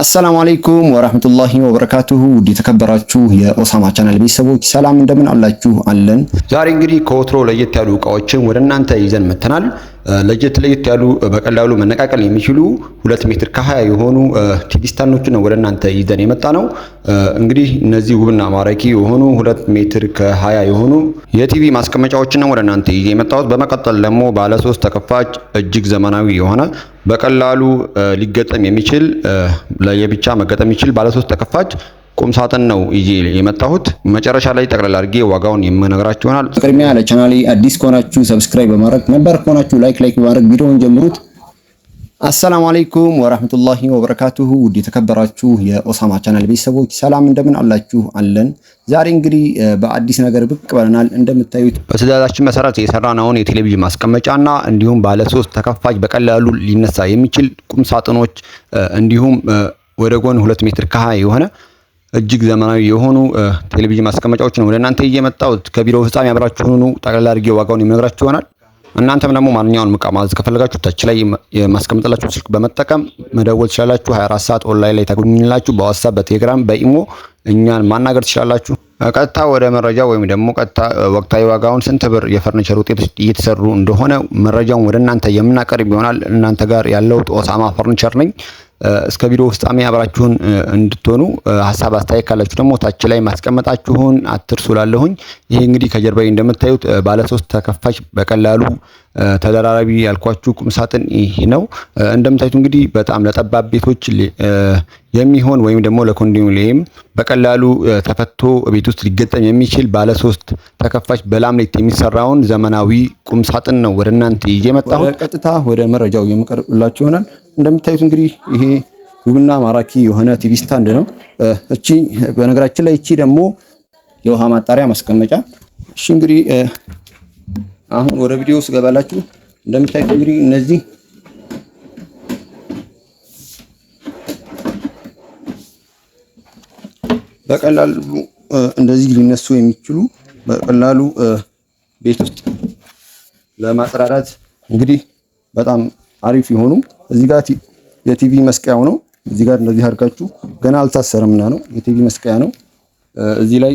አሰላሙ አለይኩም ወራህመቱላሂ ወበረካቱሁ ውድ የተከበራችሁ የኦሳማ ቻናል ቤተሰቦች ሰላም እንደምን አላችሁ? አለን። ዛሬ እንግዲህ ከወትሮ ለየት ያሉ እቃዎችን ወደ እናንተ ይዘን መተናል። ለየት ለየት ያሉ በቀላሉ መነቃቀል የሚችሉ ሁለት ሜትር ከሀያ የሆኑ ቲቪ ስታንዶችን ነው ወደ እናንተ ይዘን የመጣ ነው። እንግዲህ እነዚህ ውብና ማራኪ የሆኑ ሁለት ሜትር ከሀያ የሆኑ የቲቪ ማስቀመጫዎችን ነው ወደ እናንተ ይዤ የመጣሁት። በመቀጠል ደግሞ ባለ ሶስት ተከፋች እጅግ ዘመናዊ የሆነ በቀላሉ ሊገጠም የሚችል ለየብቻ መገጠም የሚችል ባለ ሶስት ተከፋች ቁም ሳጥን ነው ይዤ የመጣሁት። መጨረሻ ላይ ጠቅላላ አድርጌ ዋጋውን የምነግራችሁ ይሆናል። ቅድሚያ ለቻናሌ አዲስ ከሆናችሁ ሰብስክራይብ በማድረግ ነባር ከሆናችሁ ላይክ ላይክ በማድረግ ቪዲዮውን ጀምሩት። አሰላሙ አለይኩም ወራህመቱላሂ ወበረካቱሁ። ውድ የተከበራችሁ የኦሳማ ቻናል ቤተሰቦች ሰላም እንደምን አላችሁ? አለን። ዛሬ እንግዲህ በአዲስ ነገር ብቅ ብለናል። እንደምታዩት በትዕዛዛችን መሰረት የሰራነውን የቴሌቪዥን ማስቀመጫና እንዲሁም ባለ ሶስት ተከፋች በቀላሉ ሊነሳ የሚችል ቁም ሳጥኖች እንዲሁም ወደ ጎን ሁለት ሜትር ካሀ የሆነ እጅግ ዘመናዊ የሆኑ ቴሌቪዥን ማስቀመጫዎች ነው ወደ እናንተ እየመጣሁት። ከቢሮ ፍጻሜ አብራችሁ ጠቅላላ አድርጌ ዋጋውን የምነግራችሁ ይሆናል። እናንተም ደግሞ ማንኛውን እቃ ማዘዝ ከፈለጋችሁ ታች ላይ የማስቀምጥላችሁ ስልክ በመጠቀም መደወል ትችላላችሁ። 24 ሰዓት ኦንላይን ላይ ታገኙናላችሁ። በዋትሳፕ በቴሌግራም በኢሞ እኛን ማናገር ትችላላችሁ። ቀጥታ ወደ መረጃ ወይም ደግሞ ቀጥታ ወቅታዊ ዋጋውን ስንት ብር የፈርኒቸር ውጤቶች እየተሰሩ እንደሆነ መረጃውን ወደ እናንተ የምናቀርብ ይሆናል። እናንተ ጋር ያለው ኦሳማ ፈርኒቸር ነኝ። እስከ ቪዲዮ ፍጻሜ አብራችሁን እንድትሆኑ ሀሳብ አስተያየት ካላችሁ ደግሞ ታች ላይ ማስቀመጣችሁን አትርሱ። ላለሁኝ ይህ እንግዲህ ከጀርባዬ እንደምታዩት ባለሶስት ተከፋች በቀላሉ ተደራራቢ ያልኳችሁ ቁምሳጥን ይህ ነው። እንደምታዩት እንግዲህ በጣም ለጠባብ ቤቶች የሚሆን ወይም ደግሞ ለኮንዶሚኒየም በቀላሉ ተፈቶ ቤት ውስጥ ሊገጠም የሚችል ባለሶስት ተከፋች በላምሌት የሚሰራውን ዘመናዊ ቁምሳጥን ነው ወደ እናንተ ይዤ ቀጥታ ወደ መረጃው የምቀርብላችሁ ይሆናል። እንደምታዩት እንግዲህ ይሄ ውብና ማራኪ የሆነ ቲቪ ስታንድ ነው። እቺ በነገራችን ላይ እቺ ደግሞ የውሃ ማጣሪያ ማስቀመጫ። እሺ እንግዲህ አሁን ወደ ቪዲዮ ስገባላችሁ እንደምታዩት እንግዲህ እነዚህ በቀላሉ እንደዚህ ሊነሱ የሚችሉ በቀላሉ ቤት ውስጥ ለማጽዳዳት እንግዲህ በጣም አሪፍ የሆኑ እዚህ ጋር የቲቪ መስቀያው ነው። እዚህ ጋር እንደዚህ አድርጋችሁ ገና አልታሰረምና ነው የቲቪ መስቀያ ነው። እዚህ ላይ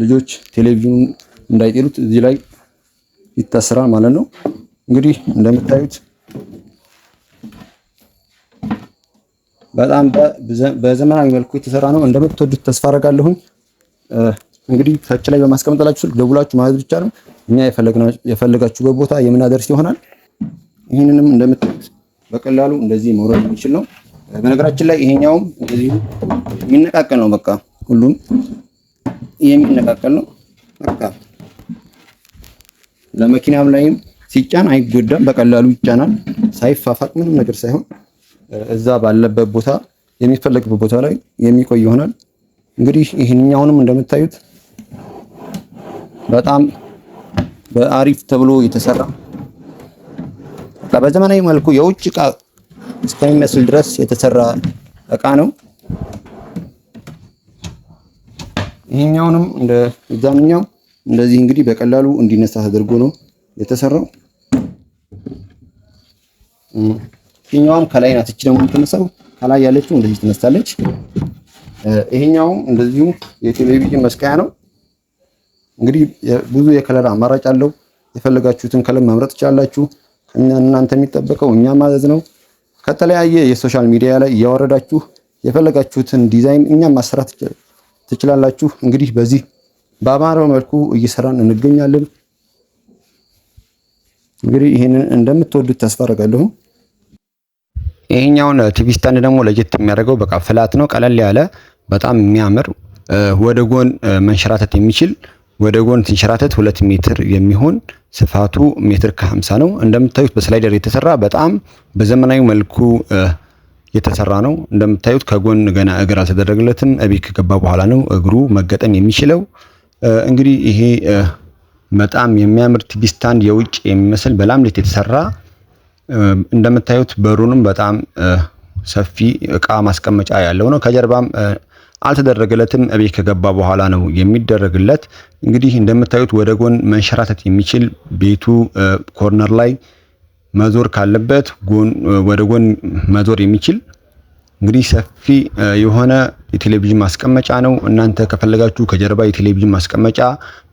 ልጆች ቴሌቪዥኑን እንዳይጤሉት እዚህ ላይ ይታሰራል ማለት ነው። እንግዲህ እንደምታዩት በጣም በዘመናዊ መልኩ የተሰራ ነው። እንደምትወዱት ተስፋ አደርጋለሁኝ። እንግዲህ ታች ላይ በማስቀመጥላችሁ ስልክ ደውላችሁ ማለት ብቻ ነው። እኛ የፈለጋችሁበት ቦታ የምናደርስ ይሆናል። ይህንንም እንደምታዩት በቀላሉ እንደዚህ መውረድ የሚችል ነው። በነገራችን ላይ ይሄኛውም እንደዚህ የሚነቃቀል ነው። በቃ ሁሉም የሚነቃቀል ነው። በቃ ለመኪናም ላይም ሲጫን አይጎዳም። በቀላሉ ይጫናል፣ ሳይፋፋቅ ምንም ነገር ሳይሆን እዛ ባለበት ቦታ የሚፈለግበት ቦታ ላይ የሚቆይ ይሆናል። እንግዲህ ይህንኛውንም እንደምታዩት በጣም በአሪፍ ተብሎ የተሰራ በዘመናዊ መልኩ የውጭ እቃ እስከሚመስል ድረስ የተሰራ እቃ ነው። ይሄኛውንም እንደ እዛኛው እንደዚህ እንግዲህ በቀላሉ እንዲነሳ ተደርጎ ነው የተሰራው። ይሄኛውም ከላይ ናት። እቺ ደግሞ የምትነሳው ከላይ ያለችው እንደዚህ ትነሳለች። ይሄኛውም እንደዚሁ የቴሌቪዥን መስቀያ ነው። እንግዲህ ብዙ የከለር አማራጭ አለው። የፈለጋችሁትን ከለር መምረጥ ትችላላችሁ። እናንተ የሚጠበቀው እኛ ማለት ነው ከተለያየ የሶሻል ሚዲያ ላይ እያወረዳችሁ የፈለጋችሁትን ዲዛይን እኛ ማሰራት ትችላላችሁ። እንግዲህ በዚህ በአማራው መልኩ እየሰራን እንገኛለን። እንግዲህ ይህንን እንደምትወዱት ተስፋ አደርጋለሁ። ይሄኛውን ቲቪ ስታንድ ደግሞ ለየት የሚያደርገው በቃ ፍላት ነው፣ ቀለል ያለ በጣም የሚያምር ወደ ጎን መንሸራተት የሚችል ወደ ጎን ሲንሸራተት ሁለት ሜትር የሚሆን ስፋቱ ሜትር ከ50 ነው። እንደምታዩት በስላይደር የተሰራ በጣም በዘመናዊ መልኩ የተሰራ ነው። እንደምታዩት ከጎን ገና እግር አልተደረገለትም። እቤት ከገባ በኋላ ነው እግሩ መገጠም የሚችለው። እንግዲህ ይሄ በጣም የሚያምር ቲቪ ስታንድ የውጭ የሚመስል በላምሌት የተሰራ እንደምታዩት በሩንም በጣም ሰፊ እቃ ማስቀመጫ ያለው ነው። ከጀርባም አልተደረገለትም። እቤት ከገባ በኋላ ነው የሚደረግለት። እንግዲህ እንደምታዩት ወደ ጎን መንሸራተት የሚችል ቤቱ ኮርነር ላይ መዞር ካለበት ወደ ጎን መዞር የሚችል እንግዲህ ሰፊ የሆነ የቴሌቪዥን ማስቀመጫ ነው። እናንተ ከፈለጋችሁ ከጀርባ የቴሌቪዥን ማስቀመጫ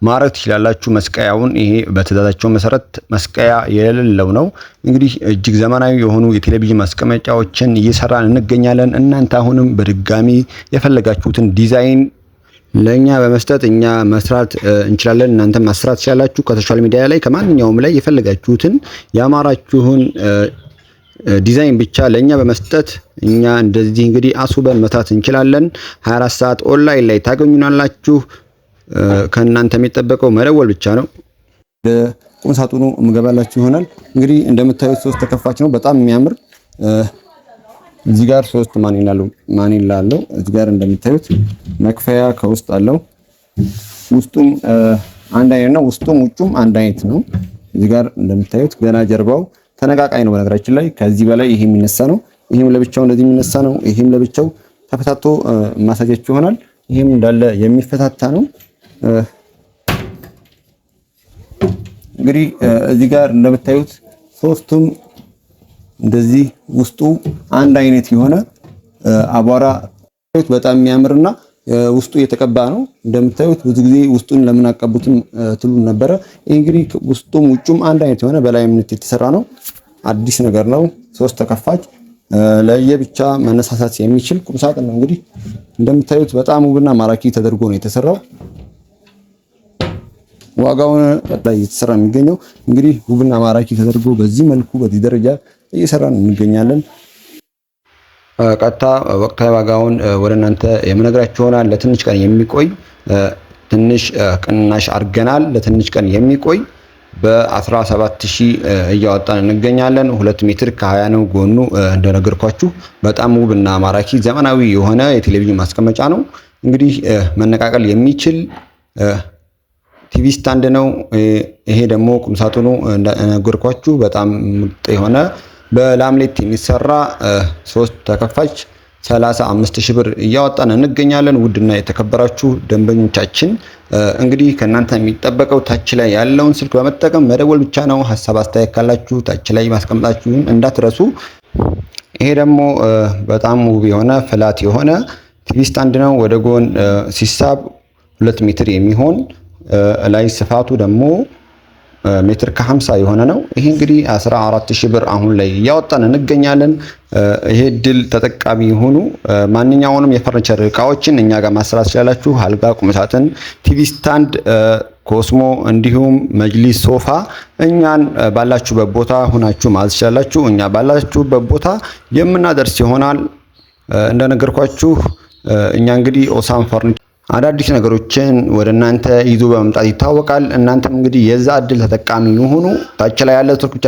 ማድረግ ትችላላችሁ። መስቀያውን ይሄ በትዕዛዛቸው መሰረት መስቀያ የሌለው ነው። እንግዲህ እጅግ ዘመናዊ የሆኑ የቴሌቪዥን ማስቀመጫዎችን እየሰራን እንገኛለን። እናንተ አሁንም በድጋሚ የፈለጋችሁትን ዲዛይን ለእኛ በመስጠት እኛ መስራት እንችላለን። እናንተ ማስራት ትችላላችሁ። ከሶሻል ሚዲያ ላይ ከማንኛውም ላይ የፈለጋችሁትን ያማራችሁን ዲዛይን ብቻ ለእኛ በመስጠት እኛ እንደዚህ እንግዲህ አስውበን መታት እንችላለን። 24 ሰዓት ኦንላይን ላይ ታገኙናላችሁ። ከእናንተ የሚጠበቀው መደወል ብቻ ነው። ቁም ሳጥኑ ምገባላችሁ ይሆናል። እንግዲህ እንደምታዩት ሶስት ተከፋች ነው። በጣም የሚያምር እዚህ ጋር ሶስት ማኒላ አለው። እዚህ ጋር እንደምታዩት መክፈያ ከውስጥ አለው። ውስጡም አንድ አይነት ነው። ውስጡም ውጩም አንድ አይነት ነው። እዚህ ጋር እንደምታዩት ገና ጀርባው ተነቃቃይ ነው። በነገራችን ላይ ከዚህ በላይ ይሄ የሚነሳ ነው፣ ይሄም ለብቻው እንደዚህ የሚነሳ ነው፣ ይሄም ለብቻው ተፈታቶ ማሳያችሁ ይሆናል። ይሄም እንዳለ የሚፈታታ ነው። እንግዲህ እዚህ ጋር እንደምታዩት ሶስቱም እንደዚህ ውስጡ አንድ አይነት የሆነ አቧራ በጣም የሚያምርና ውስጡ የተቀባ ነው። እንደምታዩት ብዙ ጊዜ ውስጡን ለምን አቀቡትም ትሉ ነበረ። ይህ እንግዲህ ውስጡም ውጩም አንድ አይነት የሆነ በላይነት የተሰራ ነው። አዲስ ነገር ነው። ሶስት ተከፋች ለየብቻ መነሳሳት የሚችል ቁምሳጥን ነው። እንግዲህ እንደምታዩት በጣም ውብና ማራኪ ተደርጎ ነው የተሰራው። ዋጋውን ላይ የተሰራ የሚገኘው እንግዲህ ውብና ማራኪ ተደርጎ በዚህ መልኩ በዚህ ደረጃ እየሰራን እንገኛለን። ቀጥታ ወቅታዊ ዋጋውን ወደ እናንተ የምነግራችሁ ይሆናል። ለትንሽ ቀን የሚቆይ ትንሽ ቅናሽ አድርገናል። ለትንሽ ቀን የሚቆይ በ17 እያወጣን እንገኛለን። ሁለት ሜትር ከ20 ነው ጎኑ እንደነገርኳችሁ በጣም ውብና ማራኪ ዘመናዊ የሆነ የቴሌቪዥን ማስቀመጫ ነው። እንግዲህ መነቃቀል የሚችል ቲቪ ስታንድ ነው። ይሄ ደግሞ ቁምሳጥኑ እንደነገርኳችሁ በጣም ምርጥ የሆነ በላምሌት የሚሰራ ሶስት ተከፋች 35 ሺህ ብር እያወጣን እንገኛለን። ውድና የተከበራችሁ ደንበኞቻችን እንግዲህ ከእናንተ የሚጠበቀው ታች ላይ ያለውን ስልክ በመጠቀም መደወል ብቻ ነው። ሀሳብ አስተያየት ካላችሁ ታች ላይ ማስቀምጣችሁን እንዳትረሱ። ይሄ ደግሞ በጣም ውብ የሆነ ፍላት የሆነ ቲቪ ስታንድ ነው። ወደ ጎን ሲሳብ ሁለት ሜትር የሚሆን ላይ ስፋቱ ደግሞ ሜትር ከ50 የሆነ ነው። ይሄ እንግዲህ 14 ሺህ ብር አሁን ላይ እያወጣን እንገኛለን። ይሄ ድል ተጠቃሚ የሆኑ ማንኛውንም የፈርኒቸር እቃዎችን እኛ ጋር ማሰራት ትችላላችሁ። አልጋ፣ ቁምሳጥን፣ ቲቪ ስታንድ፣ ኮስሞ እንዲሁም መጅሊስ፣ ሶፋ እኛን ባላችሁበት ቦታ ሁናችሁ ማዘዝ ትችላላችሁ። እኛ ባላችሁበት ቦታ የምናደርስ ይሆናል። እንደነገርኳችሁ እኛ እንግዲህ ኦሳም ፈርኒቸር አዳዲስ ነገሮችን ወደ እናንተ ይዞ በመምጣት ይታወቃል። እናንተም እንግዲህ የዛ እድል ተጠቃሚ የሆኑ ታች ላይ ያለ ስልክ ብቻ